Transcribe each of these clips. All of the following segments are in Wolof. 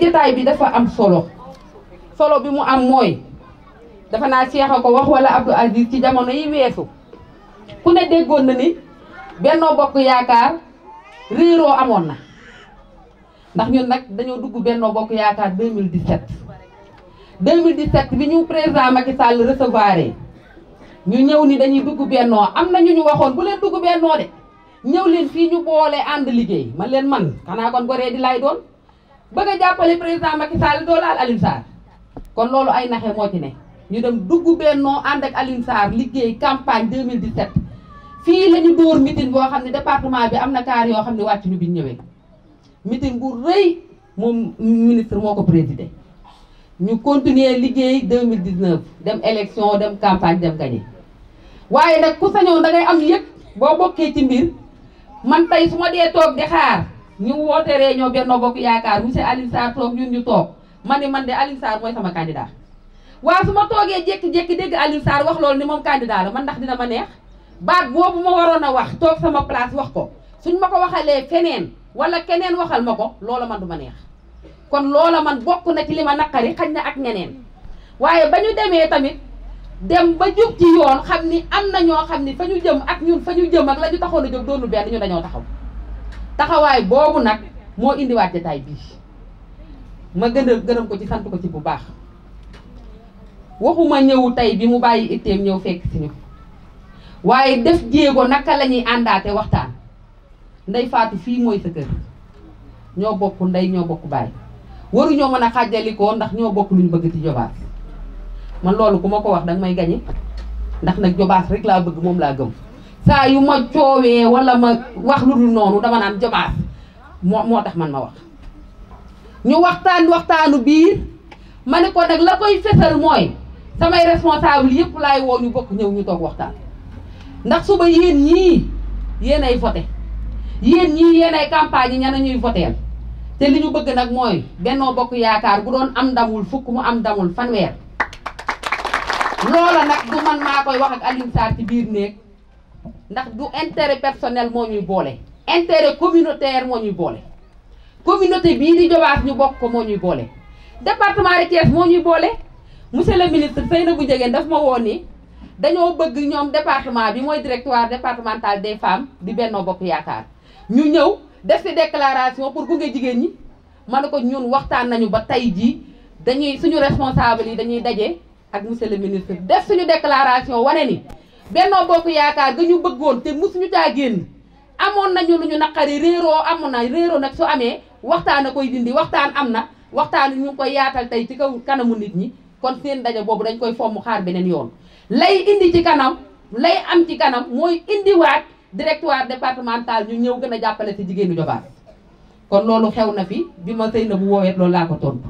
jotaay bi dafa am solo solo bi mu am mooy dafa naa Cheikh ko wax wala Abdou Aziz ci jamono yi weesu ku ne déggoon na ni Benno Bokk Yaakaar réeroo amoon na ndax ñun nag dañoo dugg Benno Bokk Yaakaar 2017 2017 bi ñu président Macky Sall recevoir ñu ñëw ni dañuy dugg bennoo am na ñu ñu waxoon bu leen dugg bennoo de ñëw leen fii ñu boole ànd liggéey man leen man xanaa kon goree di lay doon bëgg a jàppale président Macky Sall doo daal Alioune Sarr kon loolu ay naxe moo ci ne ñu dem dugg bennoo ànd ak Alioune liggéey campagne 2017 fii la ñu dóor meeting boo xam ne département bi am na kaar yoo xam ne wàcc ñu bi ñëwee meeting bu rëy moom ministre moo ko présidé ñu continuer liggéey 2019 dem élection dem campagne dem gagné waaye nag ku sañoon da ngay am yëg boo bokkee ci mbir man tey su ma dee toog di xaar ñu woote réunion Benno Bokk Yaakaar monsieur Alioune Sarr toog ñun ñu toog ma ne man de Alioune Sarr mooy sama candidat waaye su ma toogee jékki-jékki dégg Alioune wax loolu ni moom candidat la man ndax dina ma neex baat boobu ma waroon a wax toog sama place wax ko suñ ma ko waxalee keneen wala keneen waxal ma ko loola man du ma neex kon loola man bokk na ci li ma naqari xañ na ak ñeneen waaye ba ñu demee tamit dem ba jub ci yoon xam ni am na ñoo xam ni fa jëm ak ñun fa ñu jëm ak la ñu taxoon a jóg doonu benn ñu dañoo taxaw taxawaay boobu nag moo indiwaat jataay bii ma gën a gërëm ko ci sant ko ci bu baax waxuma ñëw tey bi mu bàyyi itteem ñëw fekk si ñu waaye def jéego naka lañuy àndaate waxtaan ndey faatu fii mooy sa ñoo bokk ndey ñoo bokk bàyyi waruñoo mën a xàjjalikoo ndax ñoo bokk luñ bëgg ci jobaas man loolu ku ma ko wax danga may gañe ndax nag jobaas rek laa bëgg moom laa gëm saa yu ma coowee walla ma wax lu dul noonu dama naan jomaas moo moo tax man ma wax ñu waxtaan waxtaanu biir ma ni ko nag la koy fesal mooy samay responsable yëpp laay woo ñu bokk ñëw ñu toog waxtaan ndax suba yéen ñii yéen ay voté yéen ñii yéen ay yi ñana ñuy voteel te li ñu bëgg nag mooy bennoo bokk yaakaar bu doon am ndamul fukk mu am ndamul fanweer loola nag du man maa koy wax ak Alioune ci biir néeg ndax du intérêt personnel moo ñuy boole intérêt communautaire moo ñuy boole communauté bii di Jobaas ñu bokk ko moo ñuy boole département de moo ñuy boole monsieur le ministre bu Ndiéguène daf ma woon nii dañoo bëgg ñoom département bi mooy directoire départemental des femmes di Benno Bokk Yaakaar ñu ñëw def ci déclaration pour gunge jigéen ñi ma ne ko ñun waxtaan nañu ba tey jii dañuy suñu responsable yi dañuy daje ak monsieur le ministre def suñu déclaration wane ni Benno Bokk Yaakaar ga ñu bëggoon te suñu caa génn amoon nañu lu ñu naqari réeroo amoon na réeroo nag su amee waxtaan a koy dindi waxtaan am na waxtaan ñu ngi koy yaatal tey ci kaw kanamu nit ñi kon seen ndaje boobu dañ koy fomm xaar beneen yoon. lay indi ci kanam lay am ci kanam mooy indiwaat directoire départemental ñu ñëw gën a jàppale ci jigéenu Jobaas kon loolu xew na fi bi ma sëy na bu woowee loolu laa ko tontu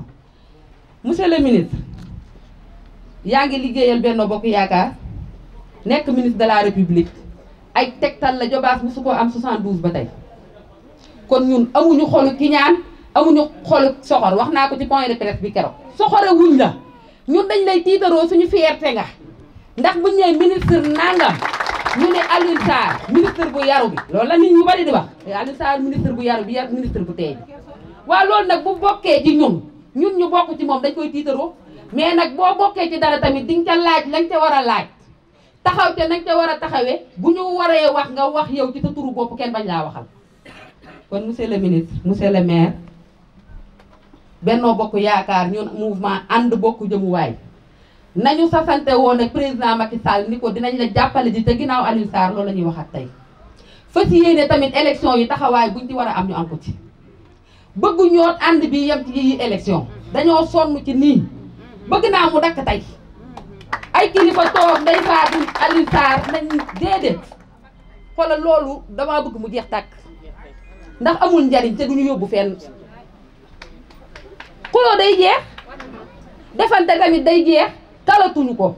monsieur le ministre yaa ngi liggéeyal Benno Bokk Yaakaar. nekk ministre de la république ay tegtal la jobaas bu su ko am 72 ba tey kon ñun amuñu xolu kiñaan amuñu xolu soxor wax naa ko ci point de presse bi keroog soxore wuñ la ñun dañ lay tiitaroo suñu fierté nga ndax buñ nee ministre nangam ñu ne Alioune Sarr ministre bu yaru bi loolu la nit ñu bari di wax eh, Alioune Sarr ministre bu yaru bi yar ministre bu teey waa loolu nag bu bokkee ci ñun ñun ñu bokk ci moom dañ koy tiitaroo mais nag boo bokkee dara tamit di nga laaj lañ ca war a laaj taxaw te nañ ca war a taxawee bu ñu waree wax nga wax yow ci sa turu bopp kenn bañ laa waxal kon monsieur le ministre monsieur le maire Benno Bokk Yaakaar ñun mouvement ànd bokk jëmuwaay nañu sasante woon ne président Macky Sall ni ko dinañ la jàppale ji te ginnaaw Aliou Sarr loolu la ñuy waxaat tey fas yéene tamit élection yi taxawaay buñ ci war a am ñu am ko ci bëggu ñoo ànd bi yem ci yi élection dañoo sonn ci nii bëgg naa mu dakk tey fa toog Ndeye Fatou Alioune Sarr nañ déedéet xoolal loolu damaa bëgg mu jeex tàkk ndax amul njariñ te duñu yóbbu fenn xuloo day jeex defante tamit day jeex talatuñu ko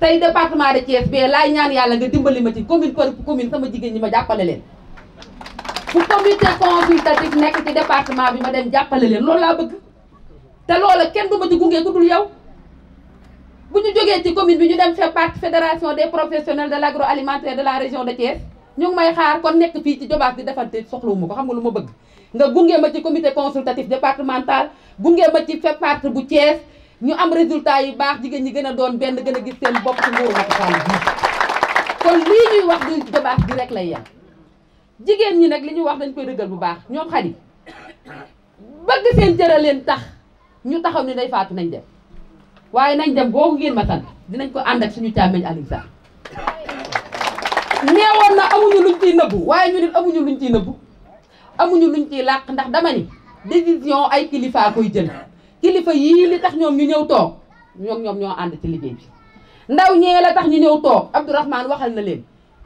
tey département de Thiès bee laay ñaan yàlla nga dimbali ma ci commune par commune sama jigéen ñi ma jàppale leen bu comité consultatif nekk ci département bi ma dem jàppale leen loolu laa bëgg te loola kenn du ma ci gunge ku dul yow bu ñu jógee ci commune bi ñu dem fa part fédération de l' agroalimentaire de la région de Thiès ñu ngi may xaar kon nekk fii ci Jobaas di defante soxlawuma ko xam nga lu ma bëgg nga gunge ma ci comité consultatif départemental gunge ma ci fa part bu Thiès ñu am résultat yu baax jigéen ñi gën a doon benn gën a gis seen bopp ci nguuru Macky Sall bi kon lii ñuy wax di Jobaas bi rek lay yem jigéen ñi nag li ñuy wax dañ koy dëggal bu baax ñoom xadi bëgg seen jëra leen tax ñu taxaw ni day faatu nañ dem waaye nañ dem boobu ngeen ma dinañ ko ànd suñu càmmeñ Aliou Sarr na amuñu luñ ciy nëbbu waaye ñu amuñu luñ ciy nëbbu amuñu luñ ciy làq ndax dama ni décision ay kilifa koy jën kilifa yii li tax ñoom ñu ñëw toog ñoom ñoom ñoo ànd ci liggéey bi ndaw ñee la tax ñu ñëw toog Abdourahmane waxal na leen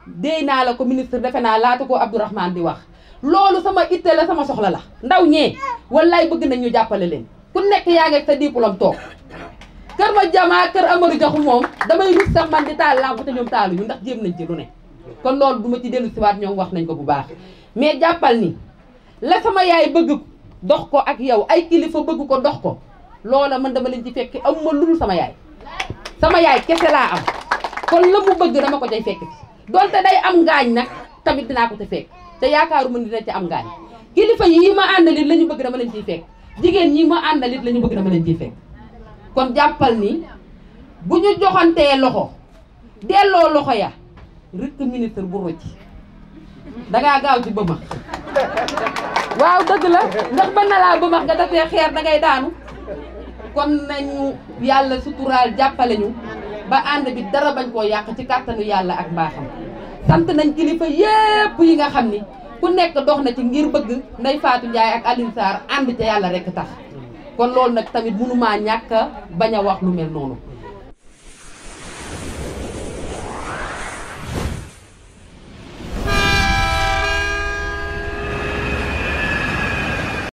déy naa la ko ministre defe naa laata ko Abdourahmane di wax loolu sama itte la sama soxla la ndaw ñee wallaay bëgg nañ ñu jàppale leen ku nekk yaa ngi ak sa diplôme toog kër ma jamaa kër Amadou Diakhou moom damay rus sax man di taal lamp te ñoom taaluñu ndax jéem nañ ci lu ne kon loolu du ma ci dellu siwaat ñoom wax nañ ko bu baax mais jàppal ni la sama yaay bëgg dox ko ak yow ay kilifa bëgg ko dox ko loola man dama leen ci fekki amuma lu dul sama yaay sama yaay kese laa am kon la mu bëgg dama ko cay fekk donte day am ngaañ nag tamit dinaa ko ca fekk te yaakaaru ma ni dina ci am ngaañ kilifa yi ma àndalit la ñu bëgg dama leen ciy fekk jigéen ñi ma àndalit la ñu bëgg dama leen ciy kon jàppal ni bu ñu joxantee loxo delloo loxo ya rëkk ministre bu rocc dangaa gaaw ci bëmax waaw dëgg la ndax mën na laa nga defee xeer dangay daanu kon nañu yàlla suturaal jàppale ñu ba ànd bi dara bañ koo yàq ci kàttanu yàlla ak mbaaxam sant nañ kilifa yépp yi nga xam ni ku nekk dox na ci ngir bëgg Ndeye faatu njaay ak Alioune Sarr ànd ca yàlla rekk tax kon loolu nag tamit mënumaa ñàkka bañ a wax lu mel noonu